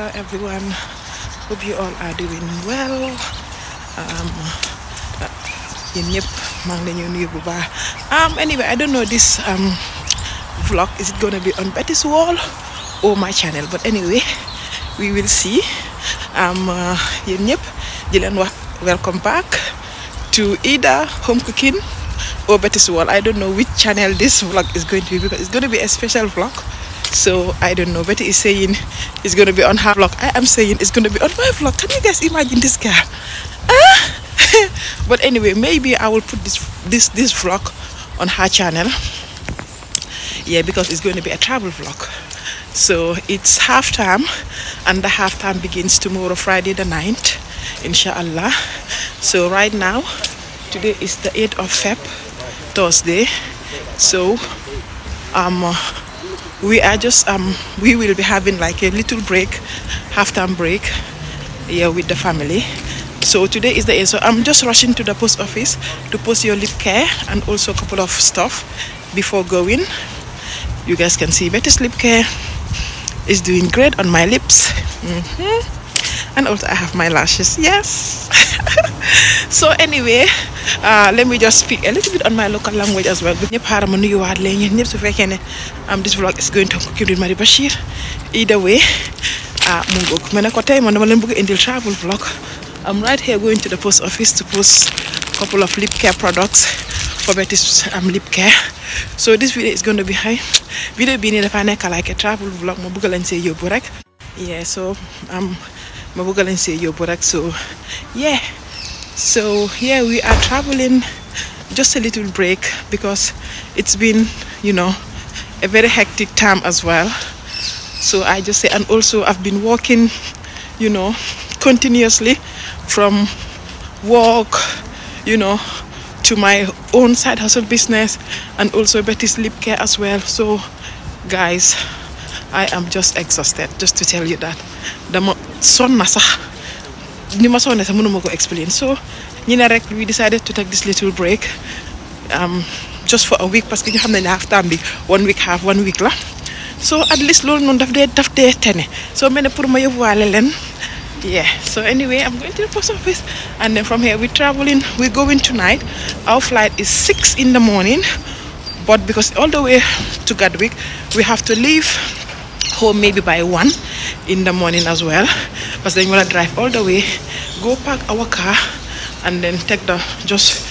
hello everyone hope you all are doing well um, uh, yéen ñëpp um anyway I don't know this um vlog is it gonna be on Betty's wall or my channel but anyway we will see um uh, yéen ñëpp welcome back to either home cooking or Betty's wall I don't know which channel this vlog is going to be because it's going to be a special vlog so i don't know betty is saying it's gonna be on her vlog i am saying it's gonna be on my vlog can you guys imagine this girl ah! but anyway maybe i will put this this this vlog on her channel yeah because it's going to be a travel vlog so it's half time and the half time begins tomorrow friday the 9th inshallah so right now today is the 8th of feb thursday so i um, uh, we are just um we will be having like a little break half time break here with the family so today is the end so i'm just rushing to the post office to post your lip care and also a couple of stuff before going you guys can see better lip care is doing great on my lips mm -hmm and also I have my lashes yes so anyway uh, let me just speak a little bit on my local language as well ñëpp am um, this vlog is going to conclude Marie Bashir either way ah mu ngoog ma ne travel vlog I'm right here going to the post office to post a couple of lip care products for Betty's um, lip care so this video is going to be high video being in the final like a travel vlog ma bëgg lañ yeah so um, Mabugalense Yoborak. So, yeah, so yeah, we are traveling just a little break because it's been, you know, a very hectic time as well. So, I just say, and also I've been walking, you know, continuously from work, you know, to my own side hustle business and also Betty Sleep Care as well. So, guys, I am just exhausted just to tell you that so sonn You must ni ma explain so we decided to take this little break um, just for a week parce que half time one week half one week la so at least loolu noonu daf dee daf dee tene so mel ne pour ma yóbbuwaale yeah so anyway i'm going to the post office and then from here we're traveling we're going tonight our flight is six in the morning but because all the way to Gadwick, we have to leave home maybe by one in the morning as well because then we're gonna drive all the way go park our car and then take the just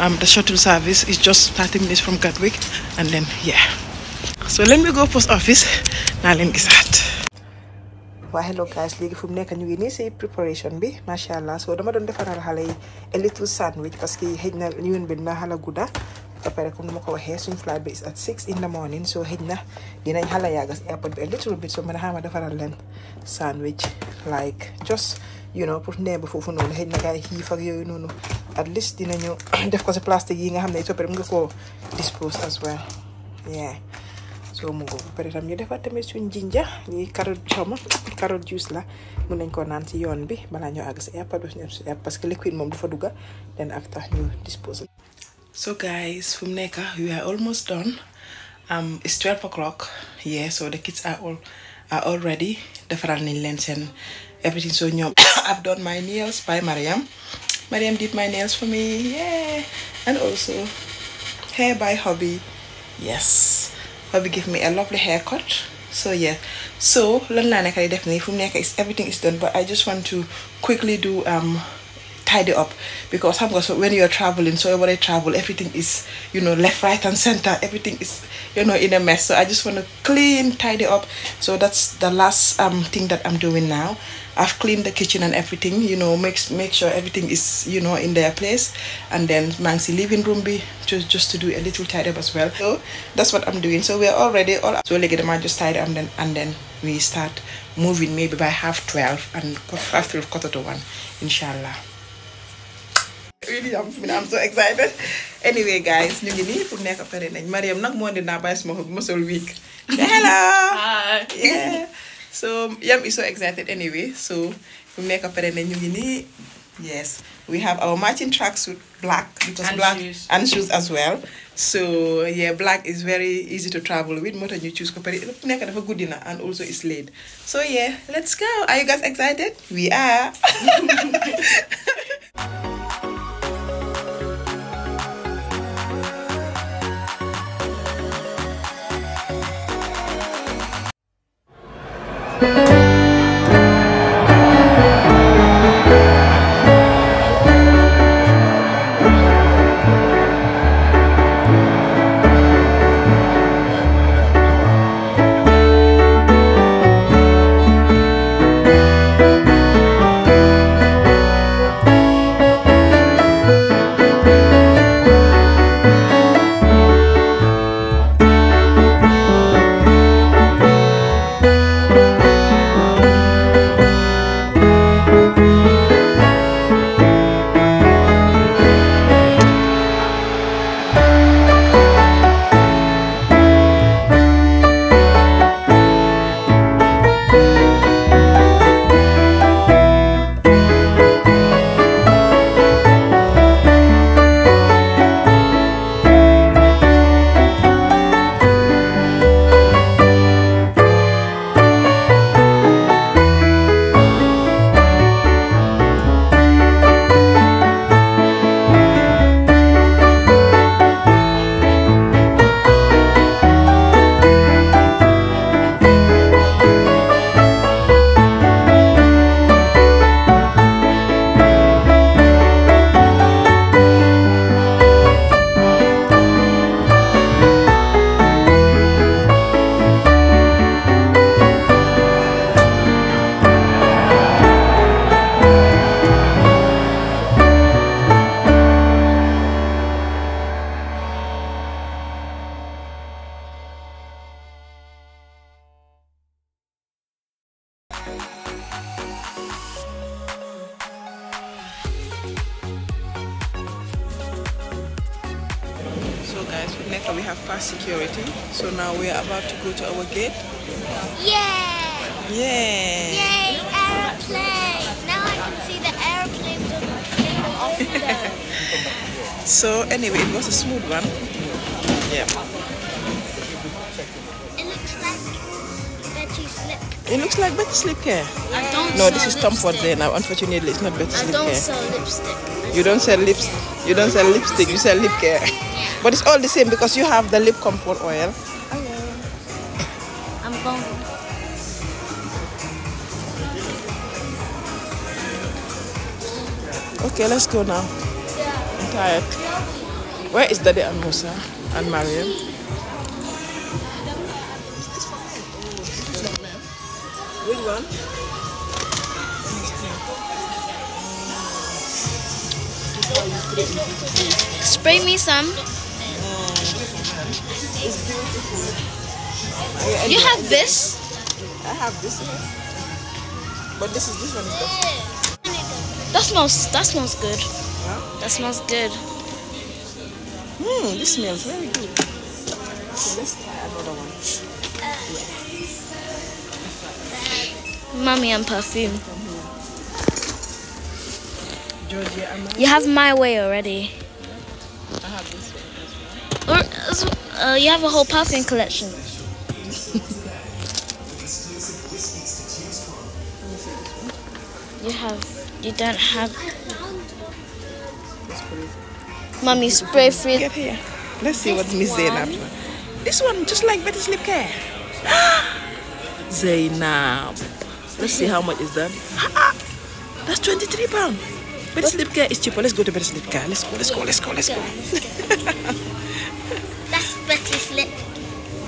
um, the shuttle service is just 30 minutes from Gatwick and then yeah so let me go post office now. Let me start. Well, hello guys léegi from mu nekk you ngi nii préparation be? macha allah so dama doon defaral xale yi a little sandwich parce que xëj na ñëwen bi na xala gudda pare kung ma ko waxee suñ at 6 in the morning so head na di xala halaya si airport a little bit so ma ne xama lan sandwich like just you know put ndee ba foofu noonu xëj na gaay for you no no at least dinañu def ko sa plastic yi nga xam so pare mu ko dispose as well yeah so mu ngoog pare tam ñu tamit suñ jinja ni carrot xawma carrot juice la mun nañ ko nan ci yoon bi bala ñu àgg airport parce que liquid mom dafa duga then after ñu dispose so guys from Neka we are almost done um it's 12 o'clock yeah so the kids are all are all ready the nañ leen and everything so ñoom I've done my nails by Mariam Mariam did my nails for me yeah and also hair by hobby yes hobby gave me a lovely haircut so yeah so lan laa nekk definitely def is everything is done but I just want to quickly do um tidy up because sometimes when you're traveling so everybody I travel everything is you know left right and center everything is you know in a mess so I just want to clean tidy up so that's the last um thing that I'm doing now I've cleaned the kitchen and everything you know makes make sure everything is you know in their place and then Mansi living room be just just to do a little tidy up as well so that's what I'm doing so we're already all so like I just tidy up and then and then we start moving maybe by half 12 and after quarter to one inshallah really am am so excited anyway guys ñu ngi nii pour nekk Maria, nañ Mariam not moo to bàyyi suma xob mosol week hello yeah so yam is so excited anyway so pour nekk pare nañ ñu ngi nii yes we have our matching tracksuit black because and black shoes. and shoes as well so yeah black is very easy to travel with moo tax you choose ko nekk dafa good na and also it's late so yeah let's go are you guys excited we are we have passed security. So now we are about to go to our gate. Yeah! Yeah! Yay, airplane! Now I can see the airplane from the So anyway, it was a smooth one. Yeah. It looks like better sleep care. I don't No, this is Comfort there now. Unfortunately, it's not better sleep care. I don't sell lipstick. You don't sell lips. You don't sell lipstick. You sell lip care. Yeah. But it's all the same because you have the lip comfort oil. I oh, I'm going. Okay, let's go now. I'm tired. Where is Daddy and Musa and Mariam? Which one? Spray me some. Mm, you have this? I have this one. But this is this one is That smells that smells good. Huh? That smells good. Hmm, this smells very good. So let's try another one. Mummy and perfume. you have my way already. I have this one as well. Uh, you have a whole perfume collection. you have. You don't have. Mummy, spray free. Get here. Let's see what Miss Zainab. This one, just like Better Sleep care. Zainab. Let's see how much is that. That's 23 pounds. Better sleep care is cheaper. Let's go to Better sleep care. Let's go, let's go, let's go, let's go. That's better sleep.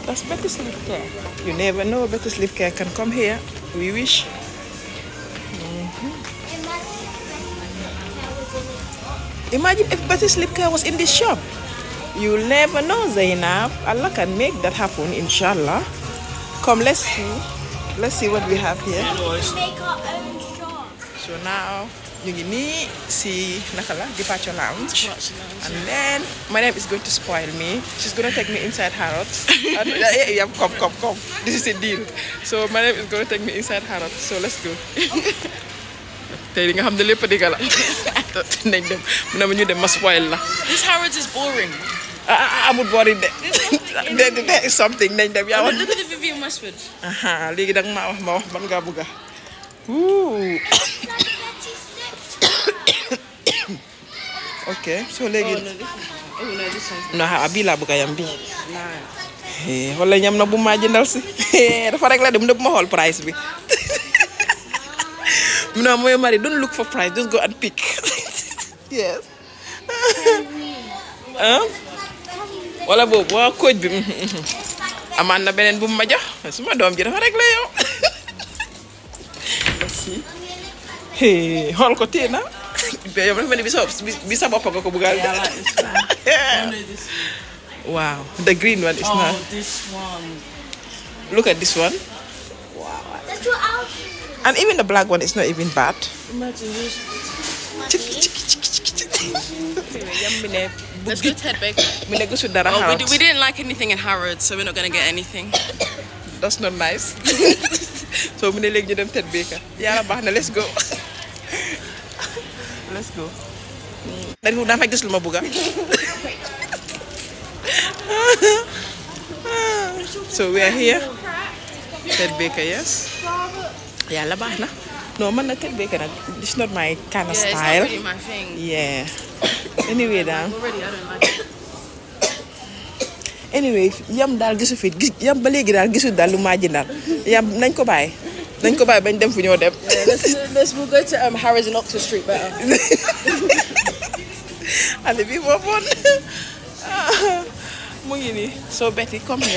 That's better sleep care. You never know. Better sleep care can come here. We wish. Mm-hmm. Imagine if better sleep care was in this shop. you never know, Zainab. Allah can make that happen, inshallah. Come, let's see. Let's see what we have here. So now, you need see, Nakala Departure Lounge. And then my name is going to spoil me. She's gonna take me inside Harrods. Uh, yeah, yeah, come, come, come. This is a deal. So my name is gonna take me inside Harrods. So let's go. Tey li nga xam ne lépp di gala. Nañ dem mu ne dem ma spoil la. This Harrods is boring. amul boori de de de something nañ dem yaa wax léegi danga maa wax ma wax ban ngaa bugga ok so léegi oh, no ha oh, nah, bi laa bugga yam bi wala ñam na bu ma jëndal si dafa rek la dem ne bu ma xool price bi no mooy mari don't look for price just go and pick yes huh? wala bo bo koj bi mm, mm, mm. amana na bu ma jox suma dom ji dafa réglé yow hol ko téye na yow dafa ni bi sa bi sa bop ko bugal wow the green one is oh, not. this one. look at this one. wow. and even the black one is not even bad. imagine. this. Let's go to Hedberg. well, we, we, didn't like anything in Harrods, so we're not going to get anything. That's not nice. so we need to them Hedberg. Yeah, let's this not my kind of anyway daal. anyway yam daal gisu fi gis yam ba léegi daal gisul daal lu maa ji daal yam nañ ko bàyyi. nañ ko bàyyi bañ dem fu ñoo dem. let's we'll go to um, Harrods and Oxford Street better. xale bi moo bon ah, mu ngi nii soo bett yi comme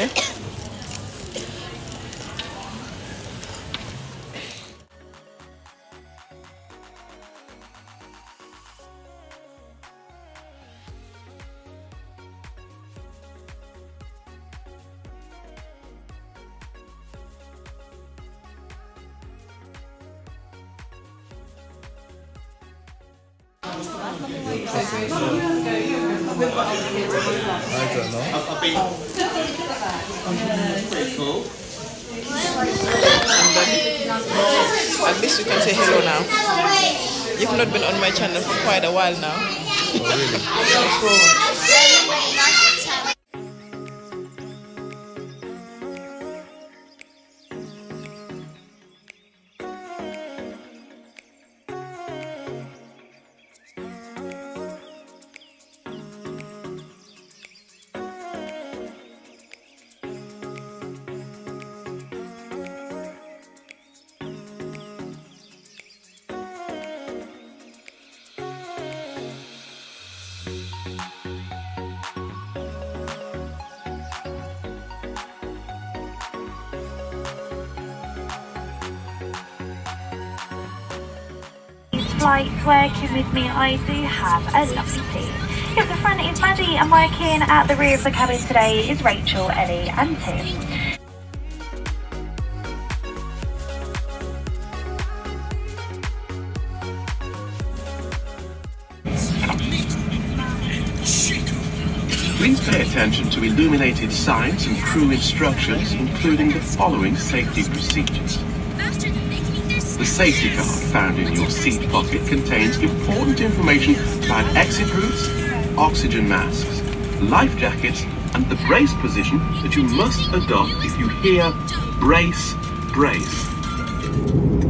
I don't know. I don't know. cool. At least you can say hello now. You've not been on my channel for quite a while now. Oh, really? working with me, I do have a lovely team. Here at the front is Maddie and working at the rear of the cabin today is Rachel, Ellie and Tim. Please pay attention to illuminated signs and crew instructions, including the following safety procedures. The safety card found in your seat pocket contains important information about exit routes, oxygen masks, life jackets, and the brace position that you must adopt if you hear brace, brace.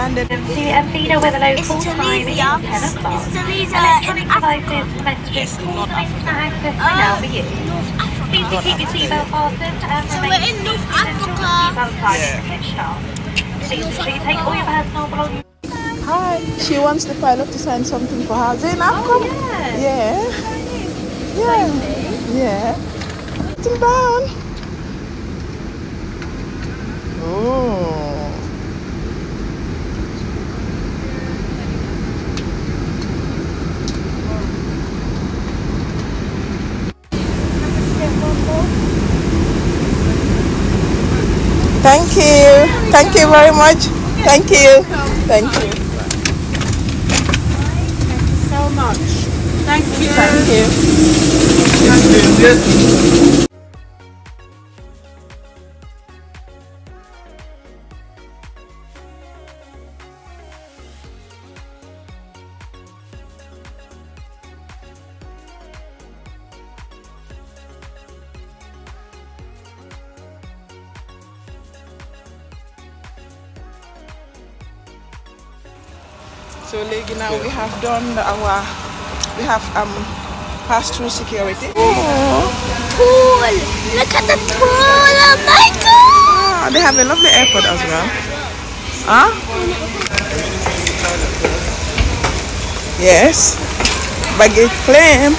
landed. To Athena with the local full time in 10 o'clock. It's Tunisia in Africa. Yes, not Africa. Uh, now you. Please keep your seatbelt fastened and so we're in North Africa. Yeah. Please, please take all your personal belongings. Hi. She wants the pilot to sign something for her. Zainab, oh, Yeah. Yeah. Yeah. yeah. Sit down. Oh. Thank you. Thank you very much. Thank you. Thank you. Thank you so much. Thank you. Thank you. so léegi now we have done our we have um passed through security oh pool! look at the pool oh my god they have a lovely airport as well huh yes baggage claim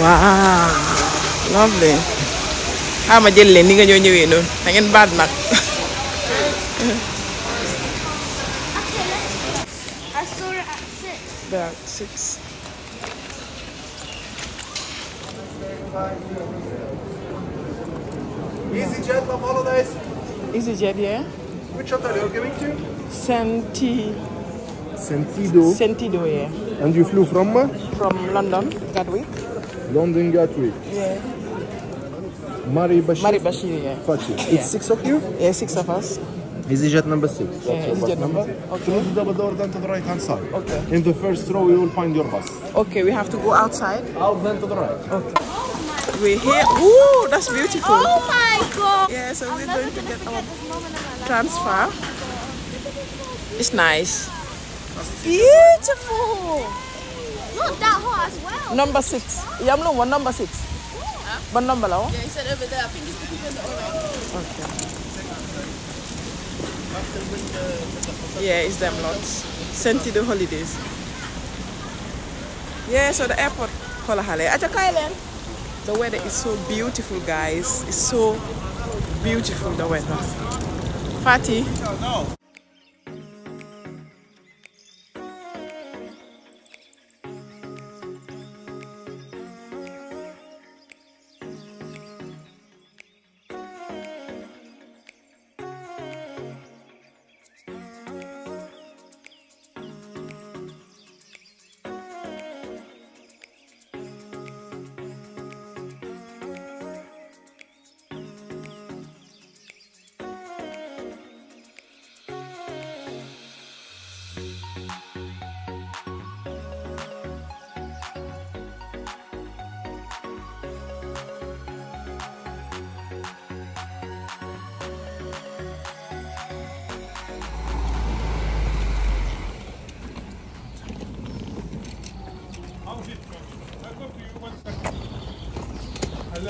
wow lovely How much jël leen ni nga ñoo I noonu da bad baat Nigeria. Which hotel are you going to? Senti. Sentido. Sentido, yeah. And you flew from? From London, Gatwick. London, Gatwick. Yeah. Mari Bashir. Mari Bashir, yeah. Fachi. It's yeah. six of you? Yeah, six of us. Is it jet number six? Yeah, That's is jet number. number. Okay. Close the door then to the right hand side. Okay. In the first row you will find your bus. Okay, we have to go outside. Out then to the right. Okay. Oh We're here. Ooh, that's beautiful. Oh my god. Yeah, so I'm we're going to get our transfer. It's nice. Beautiful. Look, that hole as well. Number six. Yeah, I'm not one, number six. Huh? But number low. Yeah, he said over there. I think it's the people in the Okay. Yeah, it's them lots. Sent to the holidays. Yeah, so the airport. Kolahale. Island. The weather is so beautiful, guys. It's so beautiful, the weather. Fatty. No, no.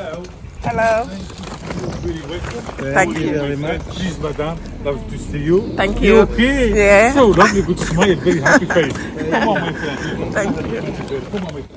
Hello. Thank you very much. Please, madam, love to see you. Thank you. you okay? Yeah. So lovely, good smile, very happy face. Come on, my friend. Thank you. Come on, my friend.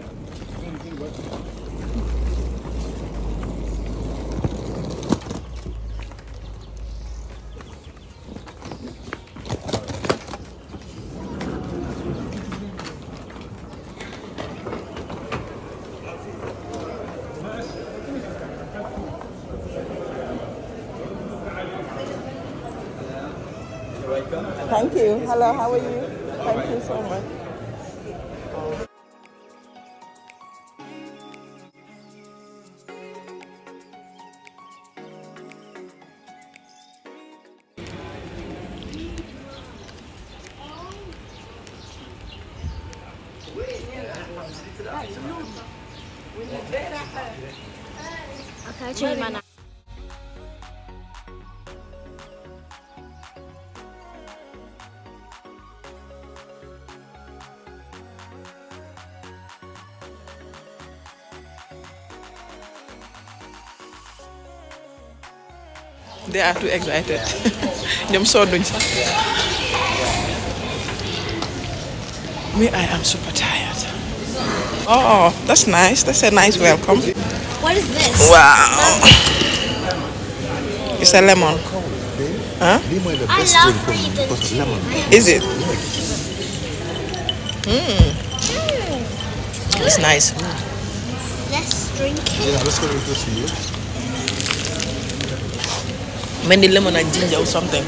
Thank you. Hello, how are you? Thank you so much. they are too excited are so sax me I am super tired oh that's nice that's a nice welcome what is this wow it's a lemon huh I love lemon is it mm. it's nice let's drink it yeah let's go for you maybe lemon and ginger or something.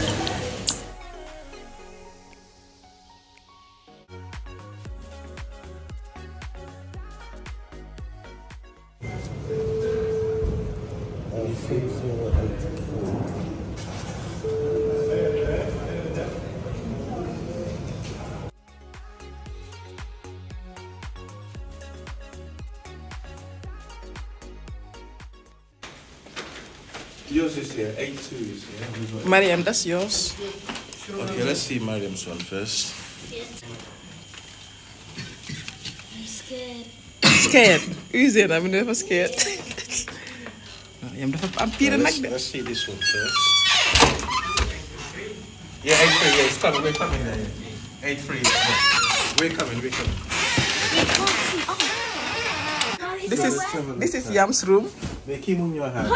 Mariam, that's yours. Okay, let's see Mariam's one first. I'm scared. scared? Who's it? I'm never scared. Mariam, I'm Peter let's, let's see this one first. Yeah, 8 3, yeah, it's coming, we're coming Yeah. 8 3, yeah. We're coming, we're coming. Oh. This is, this is Yam's room. They keep moving your hand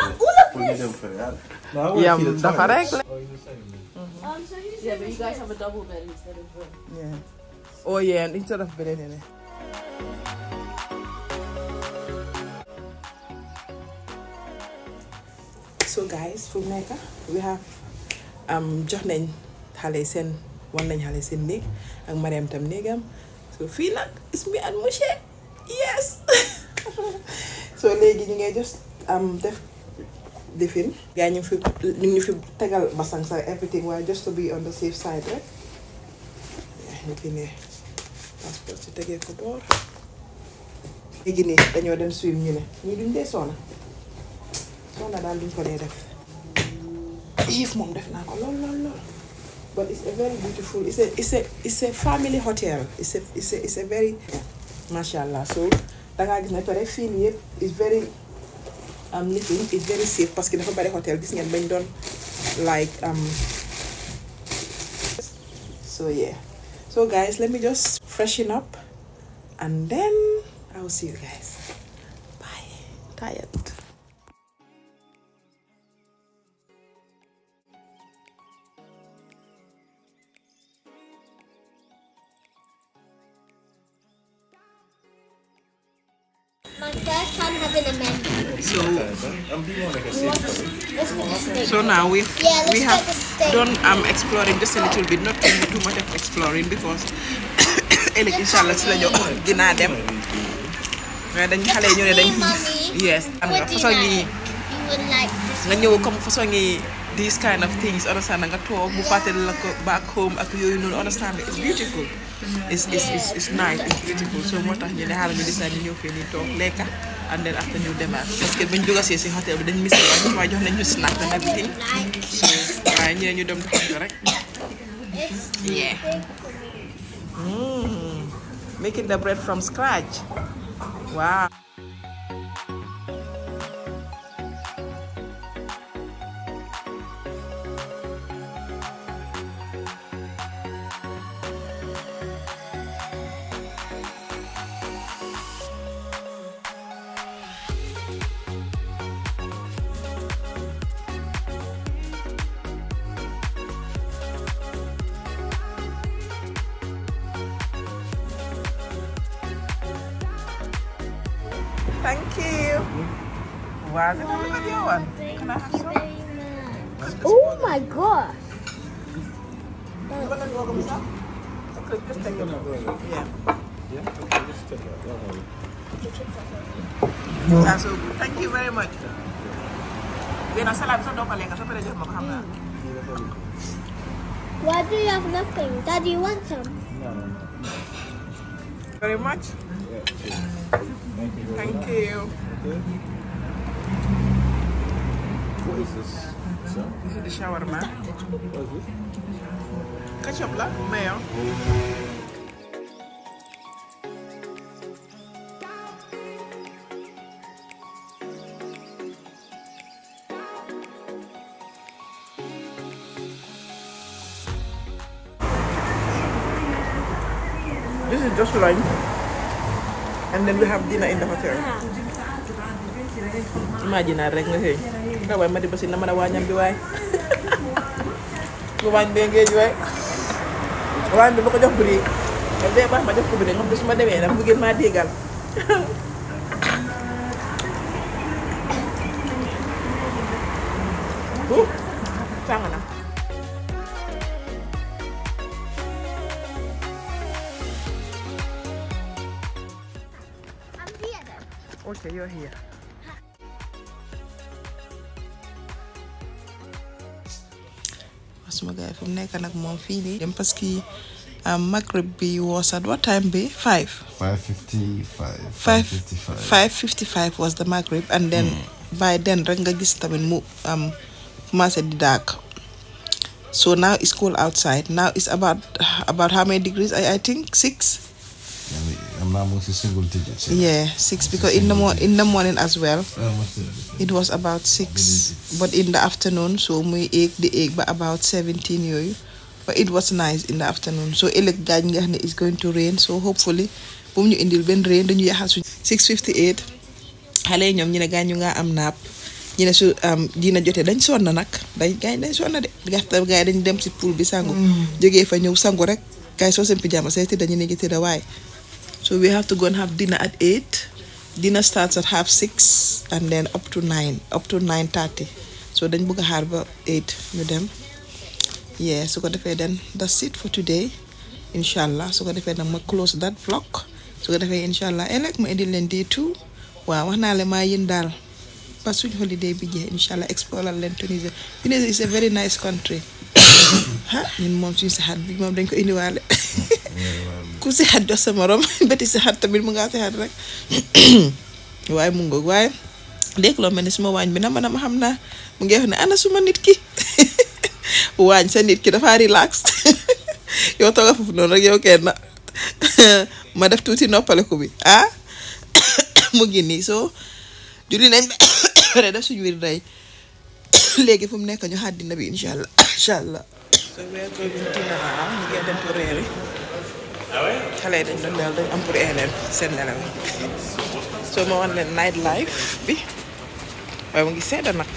for that. No, yeah, that's correct. Oh, Yeah, um, but you guys have a double bed instead of one. Yeah. Oh yeah, instead of bed anyway. So guys, from Neka, we have um jox nañ xale and wan nañ xale seen néeg Mariam tam néegam so fii nag is me and Mouche yes so léegi ñu ngay just am um, def defin gars ñu fi ñu ñu fi tegal basang sa everything waaye just to be on the safe side rek ñu fi ne passeport si tegee ko boor léegi nii dañoo dem swim ñu ne ñii duñ dee soona soona daal duñ ko dee def if moom def naa ko lool lool lool but it's a very beautiful it's a it's a it's a family hotel it's a it's a it's a very macha allah so dangaa gis ne pare fii nii yëpp it's very um, knitting is very safe parce que dafa bari hotel gis ngeen been done, like um so yeah so guys let me just freshen up and then i will see you guys bye tired So now we yeah, we have done um exploring just a little bit, not too much of exploring because ëllëg incha allah si la ñu dinaa dem. waaye dañ xale yi ñu ne dañ xiif. yes am nga façon When you ñëw comme façon yi these kind of things understand nga toog mu fàttali la back home I can noonu understand it's beautiful. it's it's it's nice it's beautiful so much. tax ñu ne xaaral ñu desaat ñëw fii nii and then after new demo parce que juga sih see si hôtel bi dañ misi wañ waaye jox nañ ñu snack and everything so waaye ñu dem rek yeah mm. making the bread from scratch wow why is it? your one. Can I have some? Oh my gosh. You want to go Okay, just take it Yeah. Yeah? Okay, just take it Don't worry. That's so good. Thank you very much. I'm Why do you have nothing? Daddy, you want some? No, no, no. Very much. Yeah, Thank you. Thank you. What is this? This is the man. What is this? Ketchup, la? Mayo. This is just lunch. And then we have dinner in the hotel. Imagine I regret kawai mari basin na wañam bi way ko wañ be way wañ bi bako jox buri baax ma ko buri Okay, you're here. nekk nag moom dem parce que euh, Maghrib bi was at what time five. five fifty five. five fifty five five fifty five was the Maghrib and then hmm. by then rek nga gis tamit mu am um, commencé di So now it's cold outside. Now it's about about how many degrees? I, I think six. Yeah, six because in the mo- in the morning as well. Uh, it was about six, but in the afternoon, so we ate the egg, but about seventeen yoyu. But it was nice in the afternoon. So elek gañ nga it's going to rain, so hopefully, bu ñu indil ben rain dañu yaxal suñu. six fifty eight. xale yi ñoom ñu ne gaañ ñu nga am naap ñu ne su dina jotee dañ sonn nag dañ gaañ dañ sonn de gàttal gars dañ dem si pool bi sangu mm. jógee fa ñëw sangu rek gars yi soo seen pyjama say tëdda ñu ne waay So we have to go and have dinner at eight. Dinner starts at half six and then up to nine, up to nine thirty. So then book a harbor eight with them. Yeah, so got the then that's it for today. Inshallah. So got the then i close that vlog. So got the inshallah. Eh, and like my Indian day too. Wow, I'm in Dal, pas suñ holiday bi jeex inshallah explorer leen Tunisie Tunisie is a very nice country ah ñun moom suñu saxaat bi moom in the indiwaale ku si xat jox sa morom bëti si xat tamit mu ngaa si xat rek waaye mu waaye léegi loo mel ni suma waañ bi na man ma xam naa mu ngi wax ne ana suma nit ki waañ sa nit ki dafa relax yow tooga foofu noonu rek yow kenn ma def tuuti noppaleku bi ah mu ngi nii soo julli nañ ba def suñu wir day léegi fu mu nekk ñu xaddina bi incha allah xale yi dañ doon nelaw dañ am pour seen nelaw soo ma wan night life bi waaye mu ngi sedda nag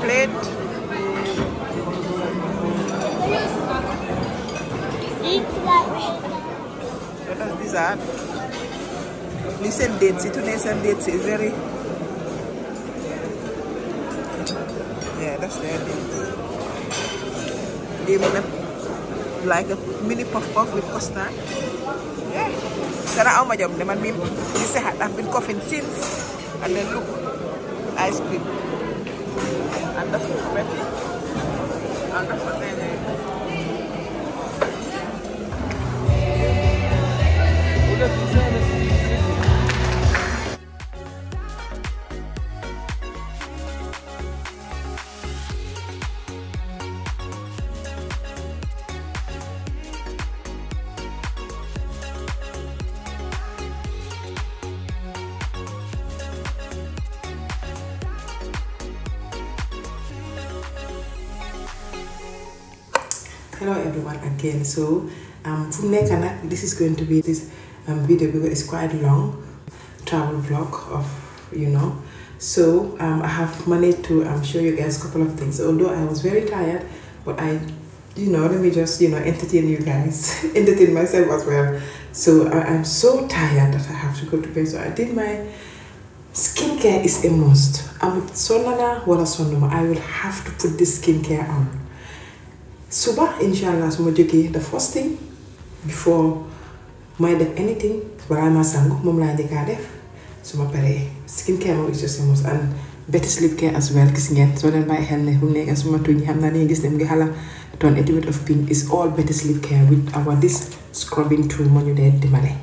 plate. What does this add? dates. It's tu nisem dates. It's very... Yeah, that's their dates. They want like a mini puff puff with custard. Yeah. Sana how much of them? I mean, this hat I've been coughing since. And then look, ice cream. the correct and represented hello everyone again so um from Nekanak, this is going to be this um, video because it's quite long travel vlog of you know so um, I have money to um, show you guys a couple of things although I was very tired but I you know let me just you know entertain you guys entertain myself as well so I, I'm so tired that I have to go to bed so I did my skincare is a must I'm sonana wala sonoma I will have to put this skincare on suba incha allah su the first thing before my def anything balaa ma sangu moom laa njëkkaa def su ma skin care is just the most and better sleep care as well Cause in soo by bàyyi xel ne suma tu ni ham na gis ne mu ngi hala, ton a of pink is all better sleep care with our this scrubbing tool moo ñu dee dimbale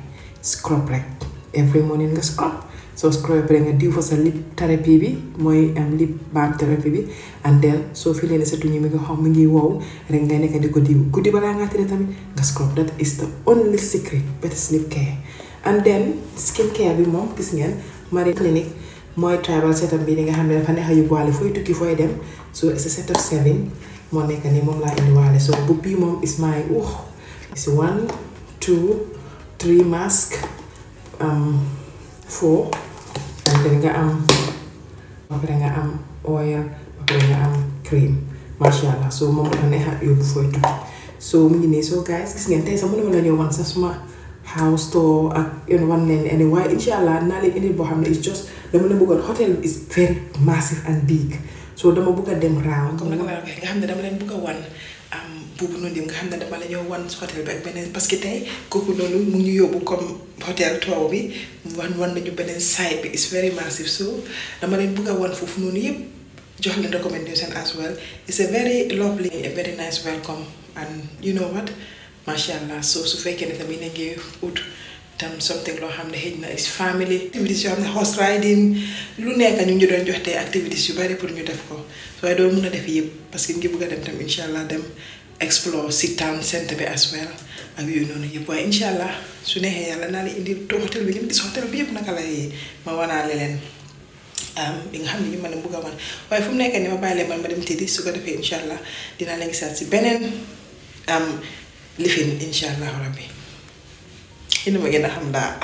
scrub right every morning nga scrub so scrub rek nga diw fa sa lip therapy bi mooy am lip balm therapy bi and then soo filee ne sa tuñu mi nga xaw mi ngi wow rek nga nekk di ko diw guddi ba ngaa tëddee tamit nga scrub that is the only secret better sleep care and then skin care bi moom gis ngeen Marie Clinique mooy tribal setup bi ni nga xam ne dafa neex a yóbbuwaale fooy tukki fooy dem so it's a set of seven moo nekk nii moom laa indiwaale so bu bii moom is my uh is one two three um, ngir nga am pare nga am oil ba pare nga am cream macha allah so moom dafa neex a yóbbu fooy tukki so mu ngi nii so guys gis ngeen tey sax mënuma la ñëw wan sax suma house store ak yoon wan leen ne waaye incha allah naa leen indil boo xam ne it's just dama la bëggoon hotel is very massive and big. so dama bëgg a dem raaw. comme nag la nga xam ne dama leen bëgg a wan am boobu noonu nga xam ne dama la ñëw wan hôtel bi ak beneen parce que tey kooku loolu mu ngi yóbbu comme hôtel Tow bi wan wan nañu beneen site bi it's dama leen bëgg a wan foofu noonu yëpp jox leen recommendation as well it's a very lovely a very nice welcome and you know what macha allah so su fekkee ne tamit na ngi ut. tam something loo xam ne xëy na is family activities yoo xam ne horse riding lu nekk ñu ngi doon jox te activities yu bari pour ñu def ko waaye doo mun a def yëpp parce que ngi bëgg a dem tam incha allah dem explore si tam centre bi as ak yooyu noonu yëpp waaye incha allah su neexee yàlla naa leen indi too hôtel bi ngeen gis hôtel bi yëpp naka lay ma wanaale nga xam ne ñu ma leen bëgg a wan waaye fu mu nekk ni ma bàyyi leen man ma dem tëddi su ko defee incha allah dinaa leen gisaat si beneen lifin incha allah rabbi yéen a ma gën xam daal